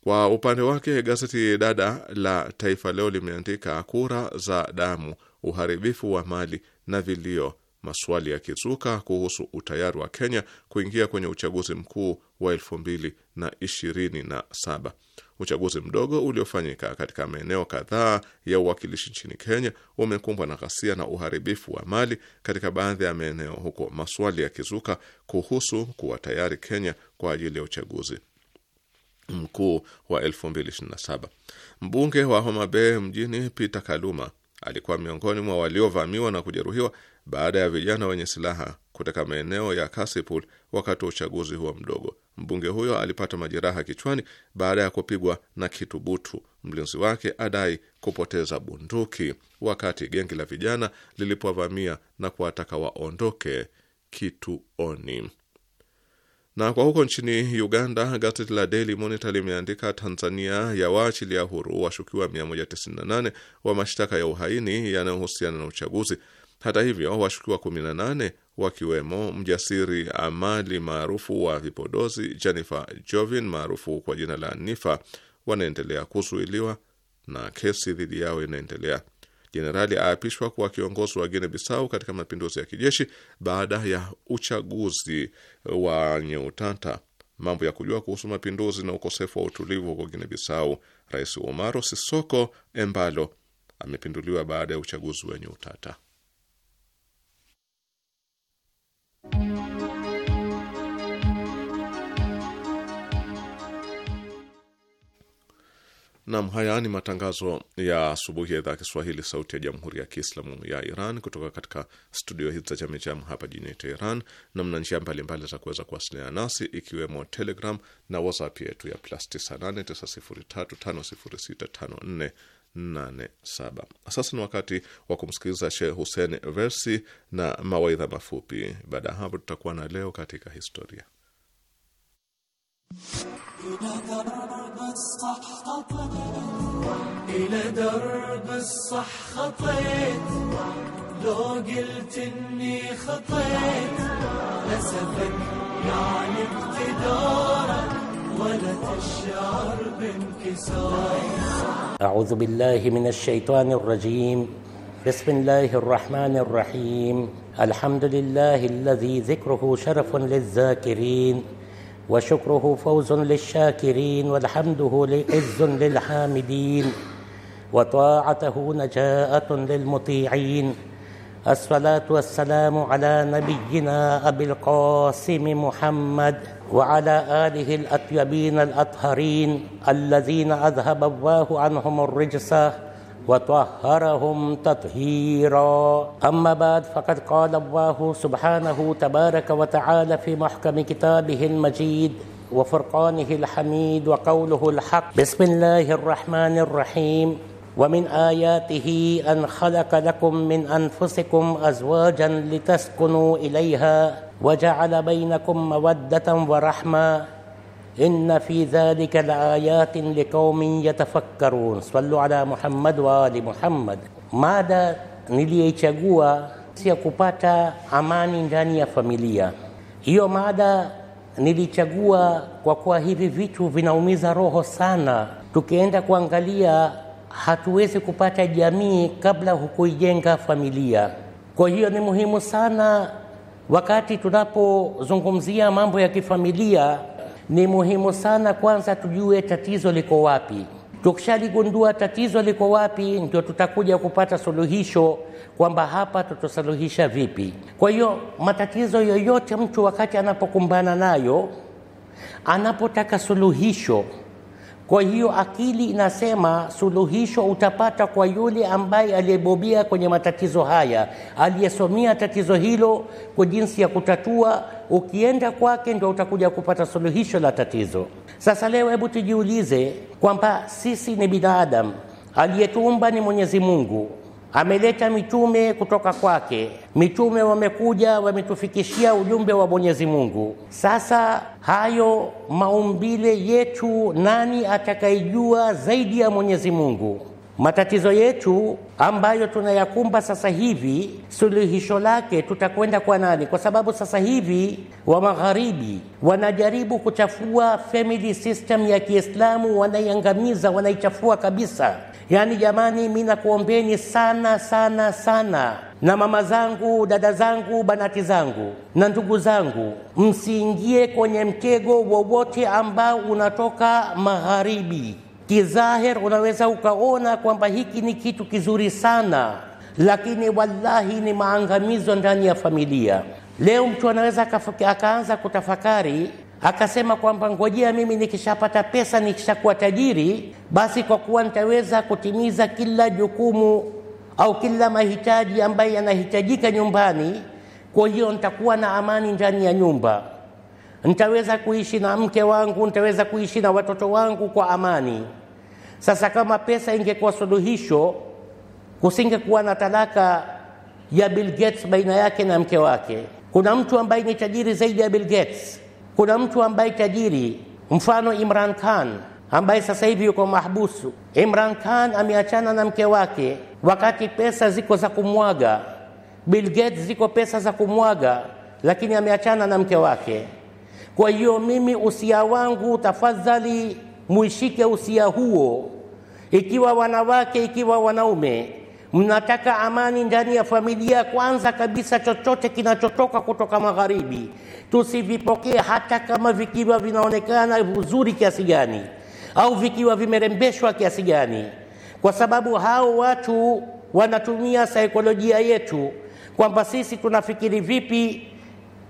Kwa upande wake, gazeti dada la Taifa Leo limeandika kura za damu, uharibifu wa mali na vilio, maswali yakizuka kuhusu utayari wa Kenya kuingia kwenye uchaguzi mkuu wa elfu mbili na ishirini na saba. Uchaguzi mdogo uliofanyika katika maeneo kadhaa ya uwakilishi nchini Kenya umekumbwa na ghasia na uharibifu wa mali katika baadhi ya maeneo, huko maswali yakizuka kuhusu kuwa tayari Kenya kwa ajili ya uchaguzi mkuu wa 2027. Mbunge wa Homa Bay mjini Peter Kaluma alikuwa miongoni mwa waliovamiwa na kujeruhiwa baada ya vijana wenye silaha kuteka maeneo ya Kasipul wakati wa uchaguzi huo mdogo. Mbunge huyo alipata majeraha kichwani baada ya kupigwa na kitu butu, mlinzi wake adai kupoteza bunduki wakati gengi la vijana lilipovamia na kuwataka waondoke kituoni. Na kwa huko nchini Uganda, gazeti la Daily Monitor limeandika Tanzania yawaachilia huru washukiwa 198 wa mashtaka ya uhaini yanayohusiana na uchaguzi. Hata hivyo, washukiwa 18 wakiwemo mjasiri amali maarufu wa vipodozi Jennifer Jovin maarufu kwa jina la Nifa wanaendelea kuzuiliwa na kesi dhidi yao inaendelea. Jenerali aapishwa kuwa kiongozi wa Guinea Bissau katika mapinduzi ya kijeshi baada ya uchaguzi wa nyeutata. Mambo ya kujua kuhusu mapinduzi na ukosefu wa utulivu huko Guinea Bissau. Rais Umaro Sisoko Embalo amepinduliwa baada ya uchaguzi wenye utata. Nam, haya ni matangazo ya asubuhi ya idhaa Kiswahili, sauti ya jamhuri ya kiislamu ya Iran, kutoka katika studio hizi za Chamicham hapa jijini Teheran. Namna njia mbalimbali za kuweza kuwasiliana nasi, ikiwemo Telegram na WhatsApp yetu ya plus 98 Sasa ni wakati wa kumsikiliza Sheh Hussein Versi na mawaidha mafupi. Baada ya hapo, tutakuwa na leo katika historia إلى درب الصح خطيت إلى درب الصح خطيت لو قلت إني خطيت لسفك يعني اقتدارا ولا تشعر بانكسار أعوذ بالله من الشيطان الرجيم بسم الله الرحمن الرحيم الحمد لله الذي ذكره شرف للذاكرين وشكره فوز للشاكرين والحمده عز للحامدين وطاعته نجاءة للمطيعين الصلاة والسلام على نبينا أبي القاسم محمد وعلى آله الأطيبين الأطهرين الذين أذهب الله عنهم الرجس وطهرهم تطهيرا أما بعد فقد قال الله سبحانه تبارك وتعالى في محكم كتابه المجيد وفرقانه الحميد وقوله الحق بسم الله الرحمن الرحيم ومن آياته أن خلق لكم من أنفسكم أزواجا لتسكنوا إليها وجعل بينكم مودة ورحمة إن في ذلك لآيات لقوم yatafakkarun. Sallu ala Muhammad wa ali Muhammad. Mada niliyoichagua si ya kupata amani ndani ya familia. Hiyo mada nilichagua kwa kuwa hivi vitu vinaumiza roho sana. Tukienda kuangalia, hatuwezi kupata jamii kabla hukuijenga familia. Kwa hiyo ni muhimu sana wakati tunapozungumzia mambo ya kifamilia ni muhimu sana kwanza tujue tatizo liko wapi. Tukishaligundua tatizo liko wapi, ndio tutakuja kupata suluhisho kwamba hapa tutasuluhisha vipi. Kwa hiyo matatizo yoyote mtu wakati anapokumbana nayo, anapotaka suluhisho kwa hiyo akili inasema suluhisho utapata kwa yule ambaye aliyebobea kwenye matatizo haya, aliyesomea tatizo hilo kwa jinsi ya kutatua. Ukienda kwake ndio utakuja kupata suluhisho la tatizo. Sasa leo, hebu tujiulize kwamba sisi ni binadamu, aliyetuumba ni Mwenyezi Mungu ameleta mitume kutoka kwake. Mitume wamekuja wametufikishia ujumbe wa Mwenyezi Mungu. Sasa hayo maumbile yetu, nani atakayejua zaidi ya Mwenyezi Mungu? Matatizo yetu ambayo tunayakumba sasa hivi, suluhisho lake tutakwenda kwa nani? Kwa sababu sasa hivi wa magharibi wanajaribu kuchafua family system ya Kiislamu, wanaiangamiza, wanaichafua kabisa. Yaani jamani, mimi nakuombeni sana sana sana, na mama zangu, dada zangu, banati zangu na ndugu zangu, msiingie kwenye mtego wowote ambao unatoka magharibi. Kidhahir unaweza ukaona kwamba hiki ni kitu kizuri sana, lakini wallahi ni maangamizo ndani ya familia. Leo mtu anaweza akaanza kutafakari akasema kwamba ngojea, mimi nikishapata pesa, nikishakuwa tajiri, basi kwa kuwa nitaweza kutimiza kila jukumu au kila mahitaji ambayo yanahitajika nyumbani, kwa hiyo nitakuwa na amani ndani ya nyumba nitaweza kuishi na mke wangu, nitaweza kuishi na watoto wangu kwa amani. Sasa kama pesa ingekuwa suluhisho, kusingekuwa na talaka ya Bill Gates baina yake na mke wake. Kuna mtu ambaye ni tajiri zaidi ya Bill Gates, kuna mtu ambaye tajiri, mfano Imran Khan ambaye sasa hivi yuko mahbusu. Imran Khan ameachana na mke wake, wakati pesa ziko za kumwaga. Bill Gates ziko pesa za kumwaga, lakini ameachana na mke wake. Kwa hiyo mimi usia wangu, tafadhali muishike usia huo, ikiwa wanawake, ikiwa wanaume mnataka amani ndani ya familia, kwanza kabisa chochote kinachotoka kutoka magharibi tusivipokee, hata kama vikiwa vinaonekana vizuri kiasi gani au vikiwa vimerembeshwa kiasi gani, kwa sababu hao watu wanatumia saikolojia yetu kwamba sisi tunafikiri vipi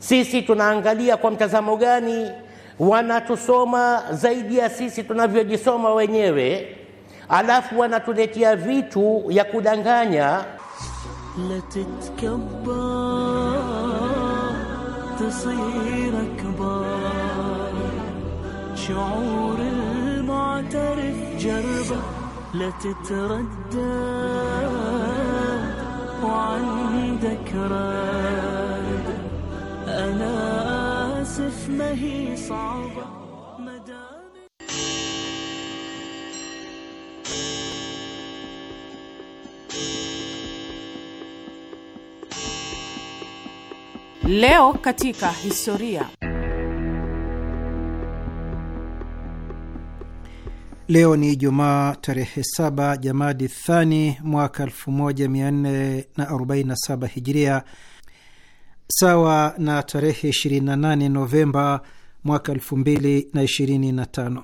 sisi tunaangalia kwa mtazamo gani? Wanatusoma zaidi ya sisi tunavyojisoma wenyewe, alafu wanatuletea vitu ya kudanganya. ما هي Leo katika historia. Leo ni Ijumaa tarehe 7 Jamadi Thani mwaka 1447 Hijiria, sawa na tarehe 28 Novemba mwaka 2025.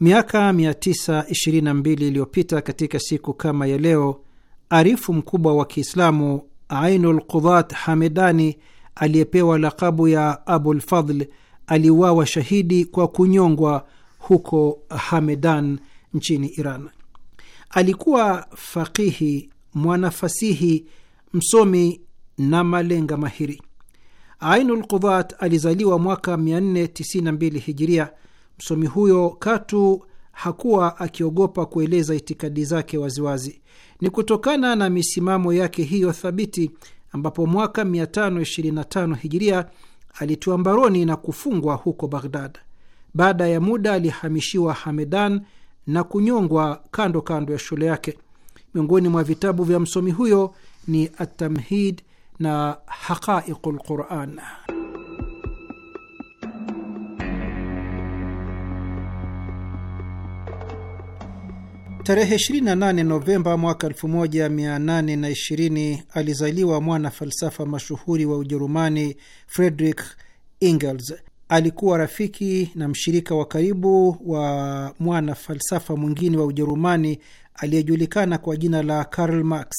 Miaka 922 iliyopita katika siku kama ya leo, arifu mkubwa wa Kiislamu Ainul Qudhat Hamedani aliyepewa lakabu ya Abulfadl aliuawa shahidi kwa kunyongwa huko Hamedan nchini Iran. Alikuwa faqihi, mwanafasihi, msomi na malenga mahiri. Ainul Qudhat alizaliwa mwaka 492 hijiria. Msomi huyo katu hakuwa akiogopa kueleza itikadi zake waziwazi. Ni kutokana na misimamo yake hiyo thabiti ambapo mwaka 525 hijiria alitiwa mbaroni na kufungwa huko Baghdad. Baada ya muda alihamishiwa Hamedan na kunyongwa kando kando ya shule yake. Miongoni mwa vitabu vya msomi huyo ni Atamhid na Haqaiqul Quran. Tarehe 28 Novemba mwaka 1820 alizaliwa mwana falsafa mashuhuri wa Ujerumani Friedrich Engels. Alikuwa rafiki na mshirika wa karibu wa mwana falsafa mwingine wa Ujerumani aliyejulikana kwa jina la Karl Marx.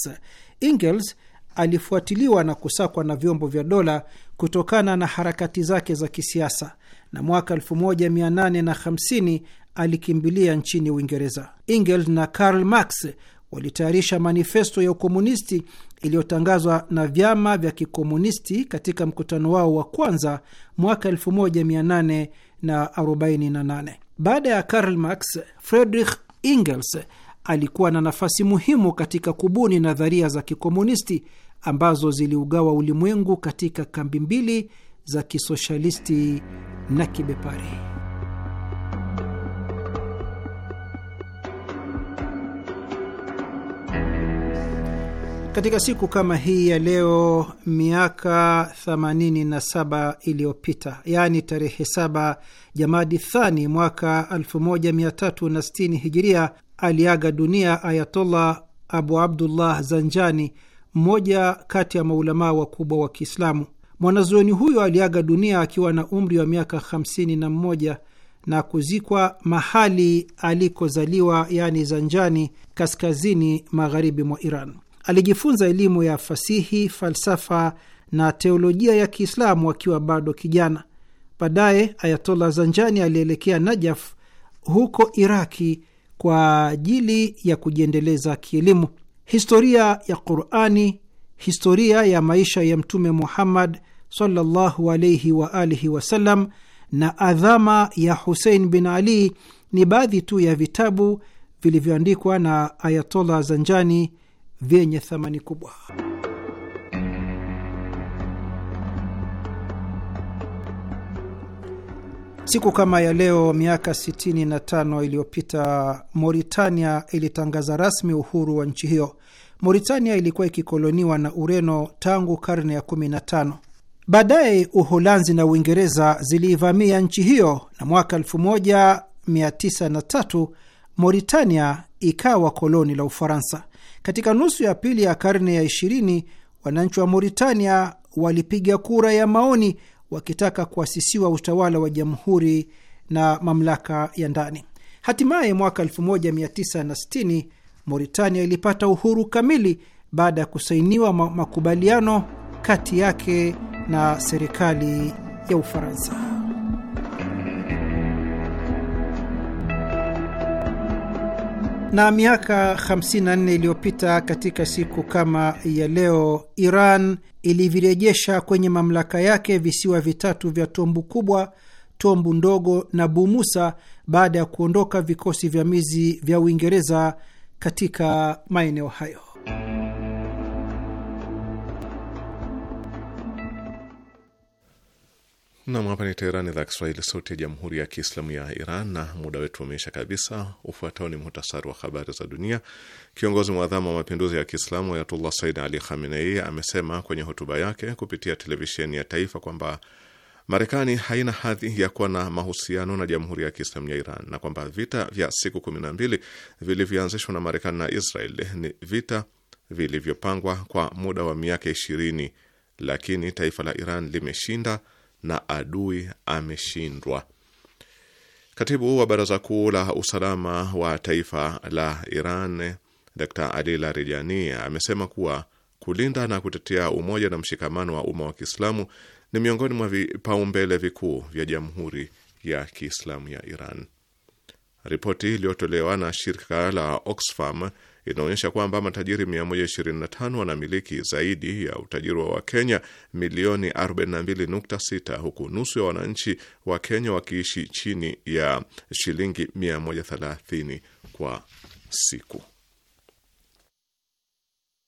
Engels alifuatiliwa na kusakwa na vyombo vya dola kutokana na harakati zake za kisiasa na mwaka 1850 alikimbilia nchini Uingereza. Engels na Karl Marx walitayarisha manifesto ya ukomunisti iliyotangazwa na vyama vya kikomunisti katika mkutano wao wa kwanza mwaka 1848. Baada ya Karl Marx, Friedrich Engels alikuwa na nafasi muhimu katika kubuni nadharia za kikomunisti ambazo ziliugawa ulimwengu katika kambi mbili za kisoshalisti na kibepari. Katika siku kama hii ya leo miaka 87 iliyopita, yaani tarehe 7 Jamadi Thani mwaka 1360 Hijiria, aliaga dunia Ayatollah Abu Abdullah Zanjani, mmoja kati ya maulamaa wakubwa wa Kiislamu. Mwanazuoni huyo aliaga dunia akiwa na umri wa miaka 51 na kuzikwa mahali alikozaliwa, yani Zanjani, kaskazini magharibi mwa Iran. Alijifunza elimu ya fasihi, falsafa na teolojia ya Kiislamu akiwa bado kijana. Baadaye Ayatollah Zanjani alielekea Najaf huko Iraki kwa ajili ya kujiendeleza kielimu historia ya Qurani, historia ya maisha ya Mtume Muhammad sallallahu alaihi wa alihi wasallam na adhama ya Husein bin Ali ni baadhi tu ya vitabu vilivyoandikwa na Ayatollah Zanjani vyenye thamani kubwa. Siku kama ya leo miaka 65 iliyopita Mauritania ilitangaza rasmi uhuru wa nchi hiyo. Mauritania ilikuwa ikikoloniwa na Ureno tangu karne ya 15. Baadaye Uholanzi na Uingereza ziliivamia nchi hiyo na mwaka 1903 moritania ikawa koloni la Ufaransa. Katika nusu ya pili ya karne ya 20, wananchi wa moritania walipiga kura ya maoni wakitaka kuasisiwa utawala wa jamhuri na mamlaka ya ndani. Hatimaye mwaka 1960 Mauritania ilipata uhuru kamili baada ya kusainiwa makubaliano kati yake na serikali ya Ufaransa. Na miaka 54 iliyopita katika siku kama ya leo, Iran ilivirejesha kwenye mamlaka yake visiwa vitatu vya Tombu Kubwa, Tombu Ndogo na Bumusa baada ya kuondoka vikosi vya mizi vya Uingereza katika maeneo hayo. Nam, hapa ni Teheran, idhaa Kiswahili, sauti ya jamhuri ya kiislamu ya Iran, na muda wetu umeisha kabisa. Ufuatao ni muhtasari wa habari za dunia. Kiongozi mwadhamu wa mapinduzi ya Kiislamu Ayatullah Said Ali Khamenei amesema kwenye hotuba yake kupitia televisheni ya taifa kwamba Marekani haina hadhi ya kuwa na mahusiano na jamhuri ya Kiislamu ya Iran na kwamba vita vya siku kumi na mbili vilivyoanzishwa na Marekani na Israel ni vita vilivyopangwa kwa muda wa miaka ishirini, lakini taifa la Iran limeshinda na adui ameshindwa. Katibu wa Baraza Kuu la Usalama wa Taifa la Iran Dr Ali Larijani amesema kuwa kulinda na kutetea umoja na mshikamano wa umma wa Kiislamu ni miongoni mwa vipaumbele vikuu vya Jamhuri ya Kiislamu ya Iran. Ripoti iliyotolewa na shirika la Oxfam inaonyesha kwamba matajiri 125 wanamiliki zaidi ya utajiri wa Wakenya milioni 42.6 huku nusu ya wananchi wa Kenya wakiishi chini ya shilingi 130 kwa siku